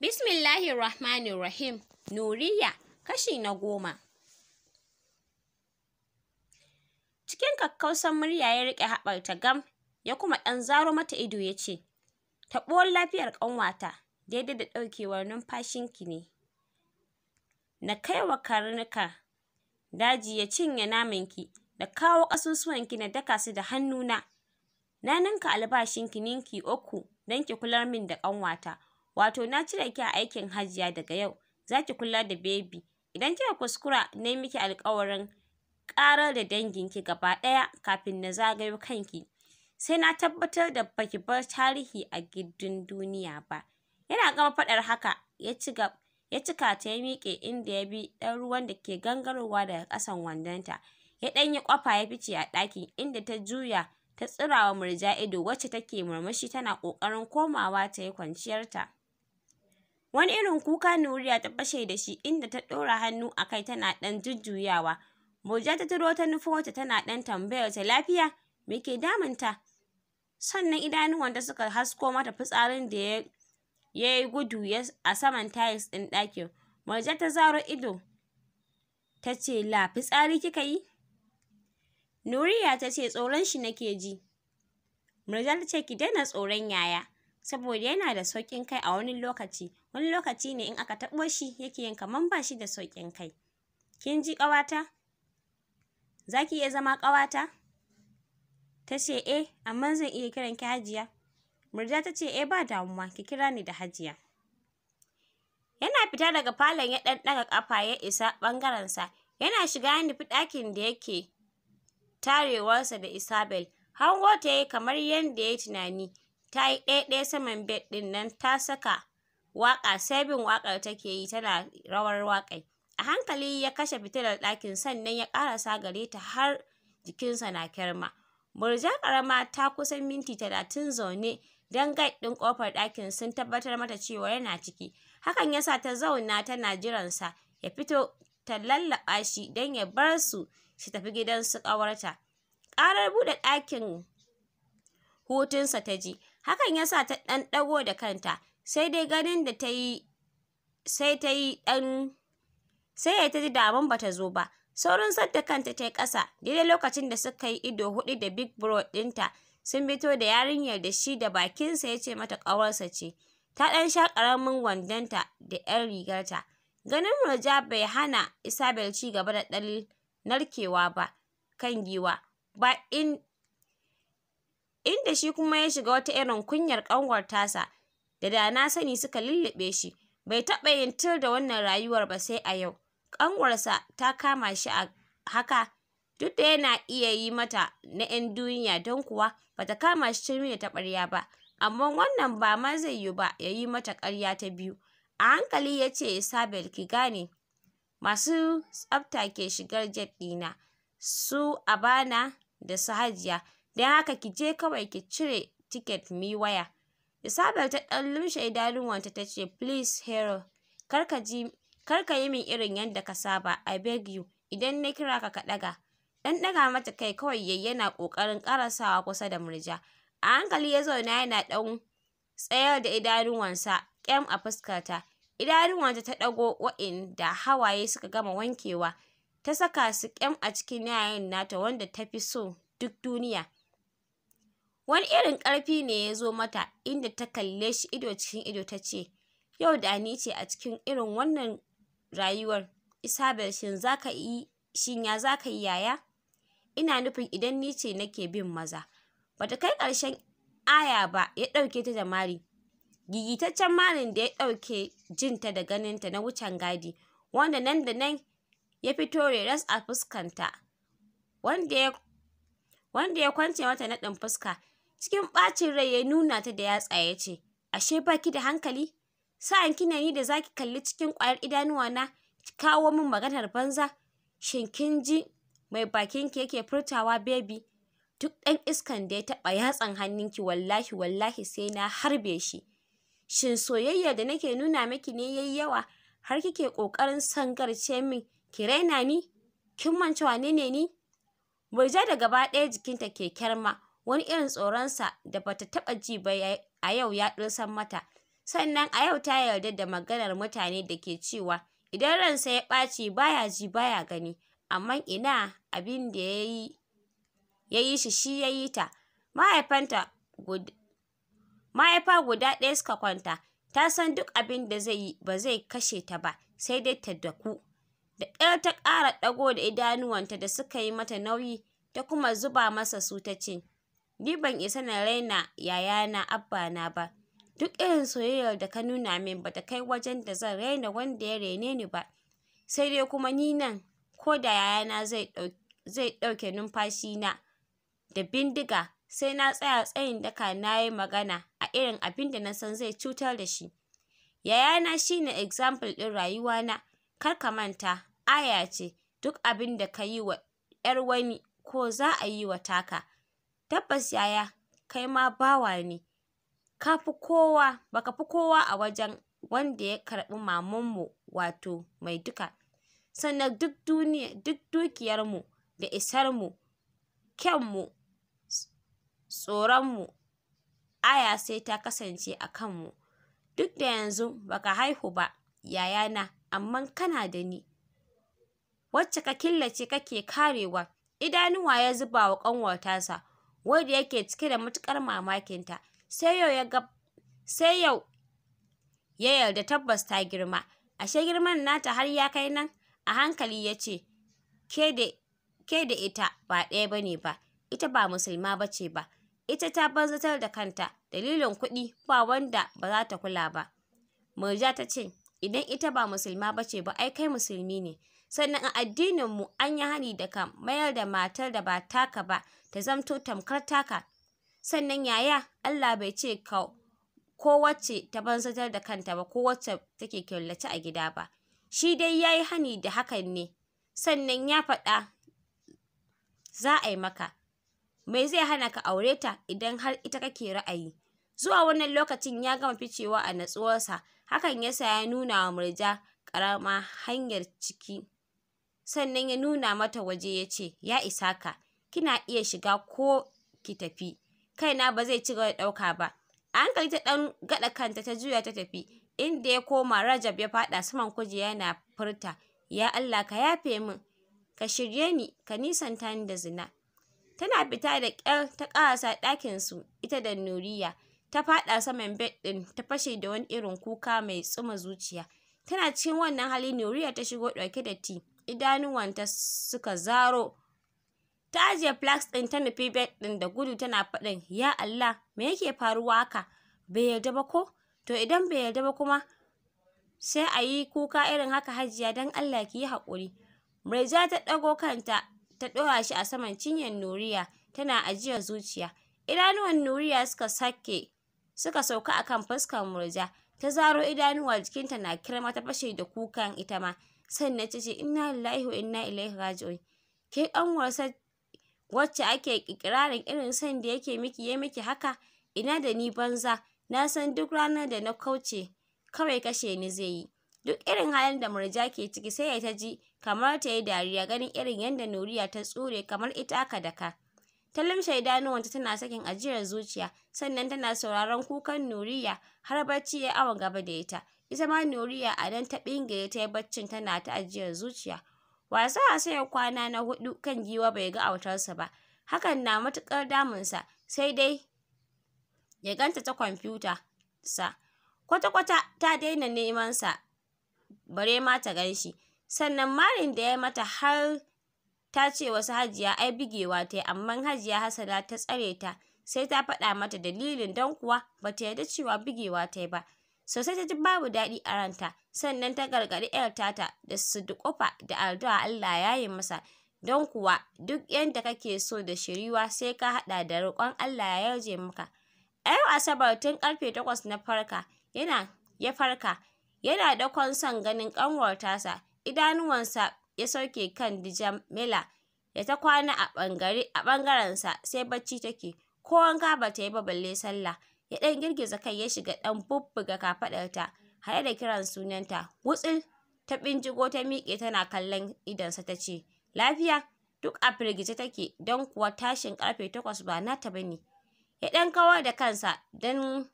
Bismillahi rahim, Nuriya, kashi na goma. Cikin kakkausan murya ya riƙe haɓarta gam, ya kuma ɗan zaro mata ido ya ce, Taɓuwar lafiyar ƙanwata, daidai da ɗaukewar numfashinki ne. Na kaiwa karnuka daji ya cinye namanki, da kawo ƙasusuwanki na daka su da hannuna. Na ninka albashinki ninki uku don ki kular min da ƙanwata. wato na cire ki a aikin hajiya daga yau za ki kula da bebi idan kika kuskura na miki alƙawarin ƙarar da danginki gaba ɗaya kafin na zagayo kanki sai na tabbatar da baki bar tarihi a gindin duniya ba yana gama faɗar haka ya cika ta ya miƙe inda ya bi ɗan ruwan da ke gangarowa daga ƙasan wandonta ya ɗan yi ƙwafa ya fice a ɗakin inda ta juya ta tsirawa murja ido wacce take murmushi tana ƙoƙarin komawa ta yi kwanciyarta Wani irin kuka Nuriya ta fashe da shi inda ta ɗora hannu a kai tana ɗan jujjuyawa. Murja ta turo ta nufo ta tana ɗan tambayar ta lafiya me ke damunta? Sannan ta suka hasko mata fitsarin da ya yi gudu a saman tiles ɗin ɗakin. Murja ta zaro ido ta ce la fitsari kika yi? Nuriya ta ce tsoron shi nake ji. Murja ta ce ki daina tsoron yaya saboda yana da sauƙin kai a wani lokaci. Wani lokaci ne in aka taɓo shi yake yin kaman ba shi da sauƙin kai. Kin ji ƙawata? Za ki iya zama ƙawata? Ta ce, e, amma zan iya kiran ki hajiya. Murja ta ce, e ba damuwa, ki kira ni da hajiya. Yana fita daga falon ya ɗan ɗaga ƙafa ya isa ɓangarensa. Yana shiga ya nufi ɗakin da yake tarewarsa da Isabel. Hango ta yi kamar yadda ya yi tunani. Ta yi ɗaya-ɗaya saman bed ɗin nan ta saka waƙa sabin waƙar take yi tana rawar wakai. A hankali ya kashe fitilar ɗakin sannan ya ƙarasa gare ta har jikinsa na kyarma. Murja ƙarama ta kusan minti talatin zaune don gate ɗin ƙofar ɗakin sun tabbatar mata cewa yana ciki. Hakan ya sa ta zauna tana jiransa ya fito ta lallaɓa shi don ya bar su su tafi gidan su ƙawarta. Ƙarar buɗe ɗakin hutunsa ta ji, hakan ya sa ta ɗan ɗago da kanta sai dai ganin da ta yi sai ta yi ɗan sai ta ji daman ba ta zo ba saurin sadda kanta ta yi ƙasa daidai lokacin da suka yi ido huɗu da big bro ɗinta sun fito da yarinyar da shi da bakinsa ya ce mata ƙawarsa ce ta ɗan sha ƙaramin wandonta da 'yan rigarta ganin murja bai hana isabel ci gaba da ɗan narkewa ba kan giwa ba in inda shi kuma ya shiga wata irin kunyar ƙanwar tasa da da na sani suka lullube shi bai taɓa yin tir da wannan rayuwar ba sai a yau ƙanwarsa ta kama shi a haka duk da yana iya yi mata na 'yan duniya don kuwa bata kama shi turmi da taɓarya ba amma wannan ba ma zai yiwu ba ya yi mata ƙarya ta biyu a hankali ya ce Isabel ki gane masu tsabta ke shigar jet ɗina su Abana da su Hajiya don haka ki je kawai ki cire tiket mi waya Isabel ta ɗan lumshe idanuwanta ta ce, "Please Harold, karka ji karka yi min irin yadda ka saba, I beg you, idan na kira ka ka ɗaga." Ɗan ɗaga mata kai kawai yayi yana ƙoƙarin ƙarasawa kusa da murja. A hankali ya zauna yana ɗan tsayar da idanuwansa ƙyam a fuskarta. Idanuwanta ta ɗago wainda hawaye suka gama wankewa, ta saka su ƙyam a cikin yayan nata wanda ta fi so duk duniya. Wani irin ƙarfi ne ya zo mata inda ta kalle shi ido cikin ido ta ce, Yau da ni ce a cikin irin wannan rayuwar, Isabel shin za ka yi, shin ya za ka yi yaya? Ina nufin idan ni ce nake bin maza. Bata kai ƙarshen aya ba ya ɗauke ta da mari. Gigitaccen marin da ya ɗauke jinta da ganinta na wucen gadi, wanda nan da nan ya fito reras a fuskanta, wanda ya wanda ya kwance mata naɗin fuska Cikin ɓacin rai ya nuna ta da yatsa ya ce, Ashe ba ki da hankali? Sa'an kina ni da za ki kalli cikin kwayar idanuwa na ki kawo min maganar banza? Shin kin ji mai bakin ki yake furtawa bebi? Duk ɗan iskan da ya taɓa yatsan hannunki wallahi wallahi sai na harbe shi. Shin soyayya da nake nuna miki ne yayi yawa har kike ƙoƙarin sangarce min ki raina ni? Kin manta wane ne ni? Murja da gaba ɗaya jikinta ke kyarma wani irin tsoronsa da bata taɓa ji ba a yau ya ɗosan mata sannan a yau ta yarda da maganar mutane da ke cewa idan ransa ya ɓaci baya ji baya gani amma ina abin da ya yi shi shi ya yi ta mahaifanta mahaifa guda ɗaya suka kwanta ta san duk abin da zai yi ba zai kashe ta ba sai dai ta daku da ƙyar ta ƙara ɗago da idanuwanta da suka yi mata nauyi ta kuma zuba masa su ta ce Ni ban isa na raina yayana Abbana ba. Duk irin soyayyar da ka nuna min bata kai wajen da zan raina wanda ya raine ni ba. Sai dai kuma ni nan ko da yayana zai zai numfashi na da bindiga sai na tsaya tsayin daka na yi magana a irin abin da na san zai cutar da shi. Yayana shi ne example ɗin rayuwana, kar ka manta, aya ce, duk abin da ka yi wa ‘yar wani ko za a yi wa taka. Tabbas yaya kai ma bawa ne, ka fi kowa, ba fi kowa a wajen wanda ya karɓi mamanmu wato mai duka. Sannan duk duniya, duk dukiyarmu da isarmu, kyanmu, tsoronmu, aya sai ta kasance a kanmu. Duk da yanzu baka haihu ba yayana amma kana da ni, wacce ka killace kake karewa. Idanuwa ya zuba wa ƙanwatasa. wanda yake cike da matuƙar mamakinta. Sai yau ya sai yau ya yarda tabbas ta girma. Ashe girman nata har ya kai nan? A hankali ya ce, ke da ita ba ɗaya ba ne ba, ita ba musulma ba ce ba, ita ta banzatar da kanta, dalilin kuɗi ba wanda ba za ta kula ba. Murja ta ce, idan ita ba musulma ba ce ba, ai kai musulmi ne. sannan a addininmu an yi hani da ka mayar da matar da ba taka ba ta zamto tamkar taka sannan yaya Allah bai ce ka ko wacce ta banzatar da kanta ba ko wacce take killace a gida ba shi dai ya yi hani da hakan ne sannan ya faɗa za a yi maka me zai hana ka aure ta idan har ita kake ra'ayi zuwa wannan lokacin ya gama ficewa a natsuwarsa hakan yasa ya nuna wa murja ƙarama hanyar ciki sannan ya nuna mata waje ya ce, ya isa ka, kina iya shiga ko ki tafi, kaina ba zai ci gaba da ɗauka ba. A hankali ta ɗan gaɗa kanta ta juya ta tafi, inda ya koma Rajab ya faɗa saman kujera yana furta, ya Allah ka yafe min, ka shirye ni, ka nisanta ni da zina. Tana fita da ƙyar ta ƙarasa ɗakinsu ita da Nuriya. ta faɗa saman bed ɗin ta fashe da wani irin kuka mai tsuma zuciya. Tana cikin wannan hali Nuriya ta shigo ɗauke da tea. idanuwanta suka zaro ta ajiye flax ɗin ta nufi bed ɗin da gudu tana faɗin ya Allah me yake faruwa haka bai yarda ba ko to idan bai yarda ba kuma sai a yi kuka irin haka hajiya don Allah ki yi haƙuri Murja ta ɗago kanta ta ɗora shi a saman cinyar Nuriya tana ajiyar zuciya idanuwan Nuriya suka sake suka sauka akan fuskar Murja ta zaro idanuwa jikinta na kirma ta fashe da kukan ita ma sannan ta ce inna lillahi wa inna ilaihi raji'un ke wasa wacce ake kirarin irin san da yake miki ya miki haka ina da ni banza na san duk ranar da na kauce kawai kashe ni zai yi duk irin halin da murja ke ciki sai ya ta ji kamar ta yi dariya ganin irin yadda nuriya ta tsure kamar ita aka daka ta limshe idanuwanta tana sakin ajiyar zuciya sannan tana sauraron kukan nuriya har bacci ya awon gaba da ita Ita ma Nuriya a nan ta ɓingire ta yi baccin tana ta ajiyar zuciya. Wasa a saya kwana na hudu kan giwa bai ga autarsa ba. Hakan na matuƙar damunsa sai dai ya ganta ta kwamfuta sa. Kwata-kwata ta daina nemansa bare ma ta gan shi. Sannan marin da ya mata har ta ce wasu hajiya ai bigewa ta yi amma hajiya Hassana ta tsare ta sai ta faɗa mata dalilin don kuwa ba ta yarda cewa bigewa ta yi ba sosai ta ji babu daɗi a ranta sannan ta gargaɗi 'yar tata da su duƙufa da addu'a Allah ya yi masa don kuwa duk yadda kake so da shiriwa sai ka haɗa da roƙon Allah ya yarje maka. ‘Yar Asabar tun ƙarfe takwas na farka yana ya farka yana dakon son ganin ƙanwar tasa idanuwansa ya sauke kan Dijamila da ta kwana a ɓangare a ɓangarensa sai bacci take ko wanka ba ta yi ba balle sallah. ya ɗan girgiza kai ya shiga ɗan bubbuga kafaɗarta haɗe da kiran sunanta wutsil ta binjigo ta miƙe tana kallon sa ta ce lafiya duk a firgice take don kuwa tashin ƙarfe takwas ba nata ba ne ya ɗan kawar da kansa don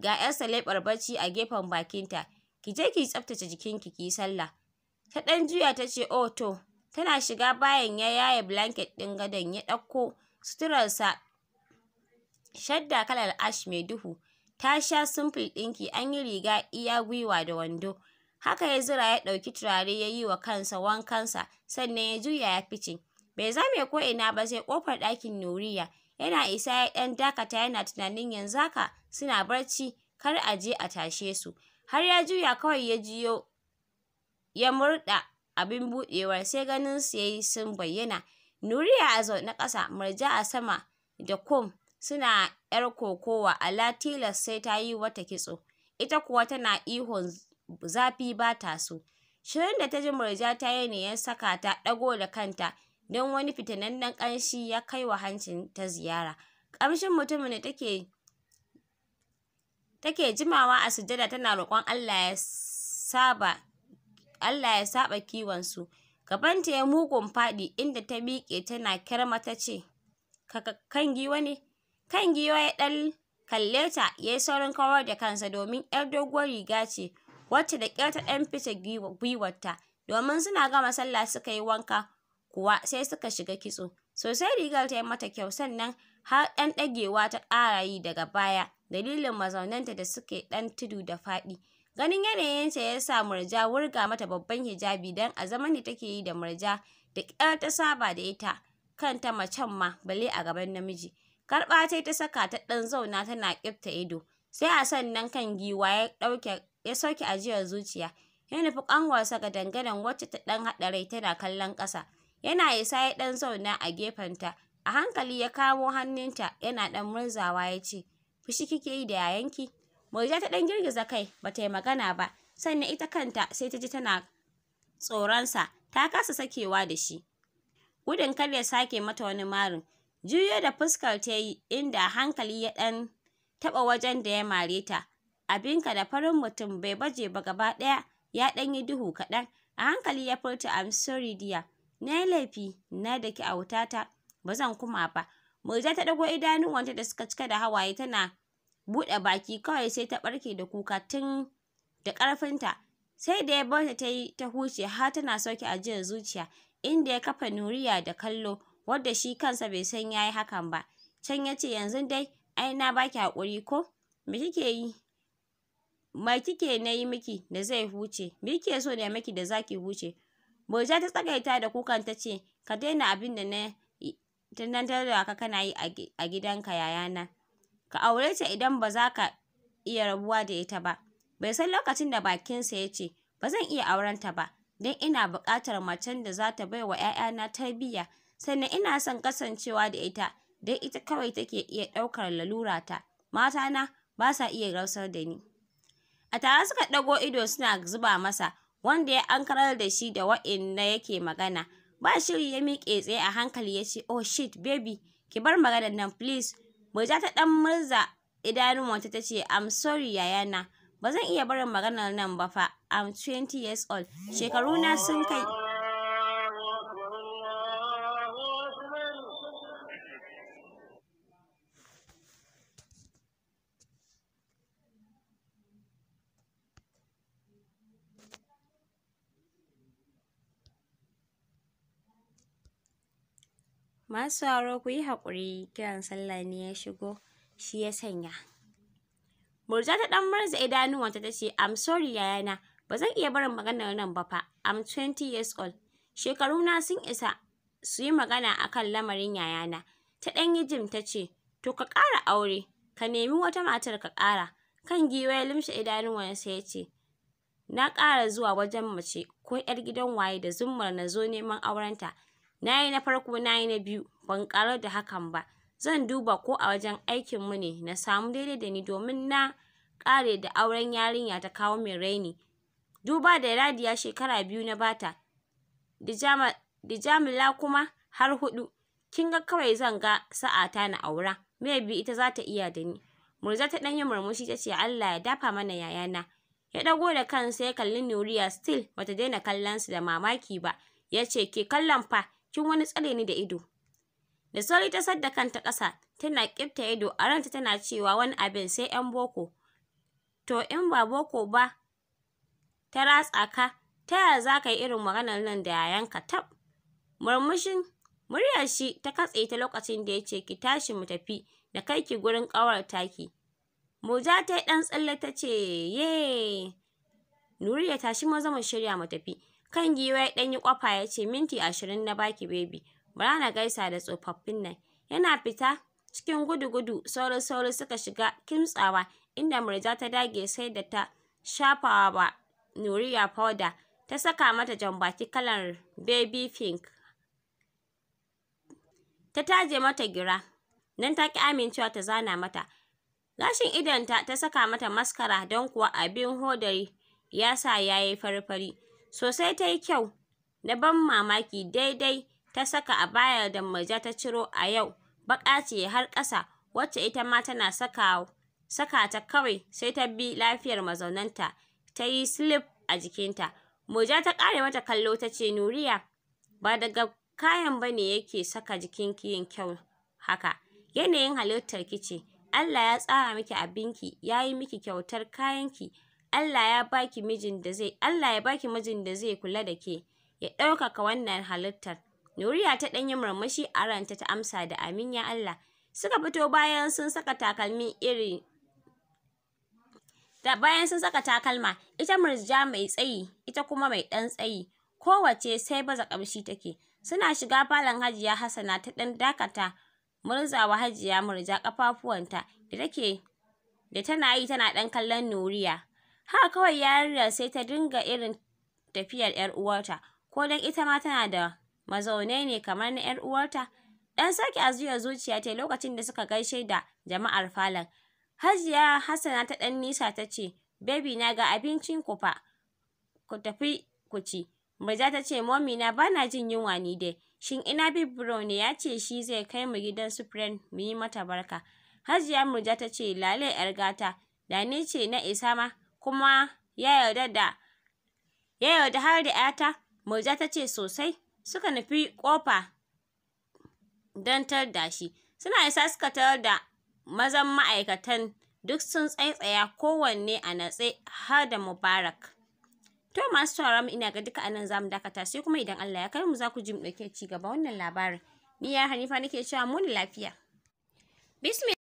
ga 'yarsa leɓar bacci a gefen bakinta ki je ki tsaftace jikinki ki sallah ta ɗan juya ta ce oh to tana shiga bayan ya yaye blanket ɗin gadon ya ɗauko suturarsa Shadda kalar ash mai duhu, ta sha sunfil ɗinki an yi riga iya gwiwa da wando. Haka ya zura ya ɗauki turare ya yi wa kansa wankansa sannan ya juya ya fice. Bai zame ko'ina ba sai kofar ɗakin Nuriya. Yana isa ya ɗan dakata yana tunanin yanzu haka suna barci kar a je a tashe su. Har ya juya kawai ya jiyo ya murɗa abin buɗewar sai ganin su ya yi sun bayyana. Nuriya a zaune ƙasa, Murja a sama da kum suna ‘yar kokowa, ala tilas sai ta yi wata kitso, ita kuwa tana ihun zafi ba ta so. Shirin da ta ji Murja ta yi ne ya saka ta ɗago da kanta don wani fitinannen ƙanshi ya kai wa hancin ta ziyara. Ƙamshin mutumin da take take jimawa a sujada tana roƙon Allah ya saba Allah ya saba kiwonsu. Gabanta ya mugun faɗi inda ta miƙe tana kyarma ta ce, kan giwa ne?’ Kan giwa ya ɗan kalle ta ya yi saurin kawar da kansa domin 'yar doguwar riga ce wacce da ƙyar ta ɗan fice gwiwarta domin suna gama sallah suka yi wanka kuwa sai suka shiga kitso. Sosai rigar ta yi mata kyau sannan har ɗan ɗagewa ta ƙara yi daga baya dalilin mazaunanta da suke ɗan tudu da faɗi. Ganin yanayinta ya sa Murja wurga mata babban hijabi don a zaman da take yi da Murja da ƙyar ta saba da ita kanta macen ma bale a gaban namiji. Karɓa ta ta saka ta ɗan zauna tana ƙifta ido. Sai a sannan kan giwa ya ɗauke ya sauke ajiyar zuciya. Ya nufi ƙanwarsa ga dangadan wacce ta ɗan haɗa rai tana kallon ƙasa. Yana isa ya ɗan zauna a gefen ta. A hankali ya kamo hannunta yana ɗan murzawa ya ce, Fushi kike yi da yayanki? Murja ta ɗan girgiza kai ba ta yi magana ba. Sannan ita kanta sai ta ji tana tsoronsa ta kasa sakewa da shi. Gudun kar ya sake mata wani marin. Juyo da fuskar ta yi inda hankali ya ɗan taɓa wajen da ya mare ta. Abinka da farin mutum bai baje ba gaba ɗaya ya ɗan yi duhu kaɗan. A hankali ya furta I'm sorry dear. Na yi laifi, na wuta autata, ba zan kuma ba. Murja ta ɗago idanuwanta da suka cika da hawaye tana buɗe baki kawai sai ta ɓarke da kuka tun da ƙarfinta. Sai da ya bar ta ta yi ta huce har tana sauke ajiyar zuciya inda ya kafa Nuriya da kallo. wadda shi kansa bai san ya yi hakan ba. Can ya ce yanzu dai ai na baki haƙuri ko? Me kike yi? Ma kike na yi miki da zai huce? Me kike so na miki da za ki huce? Boja ta tsagaita da kukan ta ce ka daina abin da na tunantar da ka kana yi a gidanka yayana. Ka aure ta idan ba za ka iya rabuwa da ita ba. Bai san lokacin da bakinsa ya ce ba zan iya auren ta ba don ina buƙatar macen da za ta bai wa ‘ya'yana tarbiyya sannan ina son kasancewa da ita dai ita kawai take iya ɗaukar mata na ba sa iya rausar da ni a tare suka ɗago ido suna zuba masa wanda ya ankarar da shi da wa'inda yake magana ba shiri ya miƙe tsaye a hankali ya ce oh shit baby ki bar maganar nan please Boja ta ɗan murza idanuwanta ta ce I'm sorry yayana ba zan iya barin maganar nan ba fa I'm 20 years old shekaruna sun kai masu aro ku yi haƙuri kiran sallah ne ya shigo shi ya sanya murja ta ɗan marza idanuwanta ta ce i'm sorry yayana ba zan iya barin maganar nan ba fa i'm 20 years old Shekaru na sun isa su yi magana akan lamarin yayana ta ɗan yi jim ta ce to ka ƙara aure ka nemi wata matar ka ƙara kan giwa ya limshe idanuwansa ya ce na ƙara zuwa wajen mace ko 'yar gidan waye da zummar na zo neman aurenta Na yi na farko na yi na biyu, ban ƙaru da hakan ba. Zan duba ko a wajen aikinmu ne na samu daidai da ni domin na ƙare da auren yarinya ta kawo min raini. Duba da Radiya shekara biyu na bata, Dijamila kuma har huɗu. Kin ga kawai zan ga sa'ata na aura, maybe ita za ta iya da ni. Murza ta ɗan yi murmushi ta ce Allah ya dafa mana yayana. Ya ɗago da kansa ya kalli Nuriya still bata daina kallon su da mamaki ba. Ya ce ke kallon fa kin wani tsare ni da ido. Da sauri ta sadda kanta ƙasa, tana ƙifta ido a ranta tana cewa wani abin sai 'yan boko. To in ba boko ba, ta ratsa ka, ta yaya za ka yi irin maganar nan da yayanka tab? Murmushin muryar shi ta katse ta lokacin da ya ce ki tashi mu tafi da kai ki gurin ƙawar taki. Muja ta yi ɗan tsalle ta ce ye. Nuriya tashi maza mu shirya mu tafi. Kan giwa ya yi kwafa ya ce, minti ashirin na baki bebi bara na gaisa da tsofaffin nan. Yana fita cikin gudu-gudu sauri-sauri suka shiga kimtsawa inda Murja ta dage sai da ta shafawa ba Nuriya powder ta saka mata jambaki kalar baby pink. Ta taje mata gira, nan ta ki amincewa ta zana mata. Gashin idonta ta saka mata maskara don kuwa abin hodari ya sa ya yi fari Sosai ta yi kyau, na ban mamaki daidai ta saka a baya da Murja ta ciro a yau, baƙa ce har ƙasa, wacce ita ma tana saka ta kawai sai ta bi lafiyar mazaunanta, ta yi silif a jikinta. Murja ta ƙare wata kallo ta ce, Nuriya, ba daga kayan ba ne yake saka jikin yin kyau haka, yanayin halittarki ce, Allah ya tsara miki abinki, ya yi miki kyautar kayanki. Allah ya baki mijin da zai Allah ya baki mijin da zai kula da ke ya ɗaukaka wannan halittar Nuriya ta ɗanyi murmushi a ranta ta amsa da amin ya Allah suka fito bayan sun saka takalmin iri da bayan sun saka takalma ita murja mai tsayi ita kuma mai ɗan tsayi kowace sai baza ƙamshi take suna shiga falon hajiya hassana ta ɗan dakata murzawa hajiya murja ƙafafuwanta da take da tana yi tana ɗan kallon nuriya Haka kawai yarinyar sai ta dinga irin tafiyar 'yar uwarta, ko dan ita ma tana da mazaunai ne kamar na 'yar uwarta. Ɗan saki ajiyar zuciya ta yi lokacin da suka gaishe da jama'ar falon. Hajiya Hassana ta ɗan nisa ta ce, Baby na ga abincin ku fa, ku tafi ku ci. Murja ta ce, Mommy na ba jin yunwa ni dai. Shin ina Big Bro ne ya ce shi zai kai mu gidan su friend mu yi mata barka. Hajiya Murja ta ce, Lale 'yar gata, da ni ce na isa ma. kuma ya yarda da ya yarda har da ‘yata. Murja ta ce sosai. Suka nufi ƙofa don da shi. Suna isa suka tarar da mazan ma'aikatan duk sun tsaitsaya kowanne a natse har da Mubarak. To masu sauraron ina ga duka anan zamu dakata sai kuma idan Allah ya kai mu za ku ji mu dauke ci gaba wannan labarin. Ni ya Hanifa nake cewa mu lafiya. Bismillah.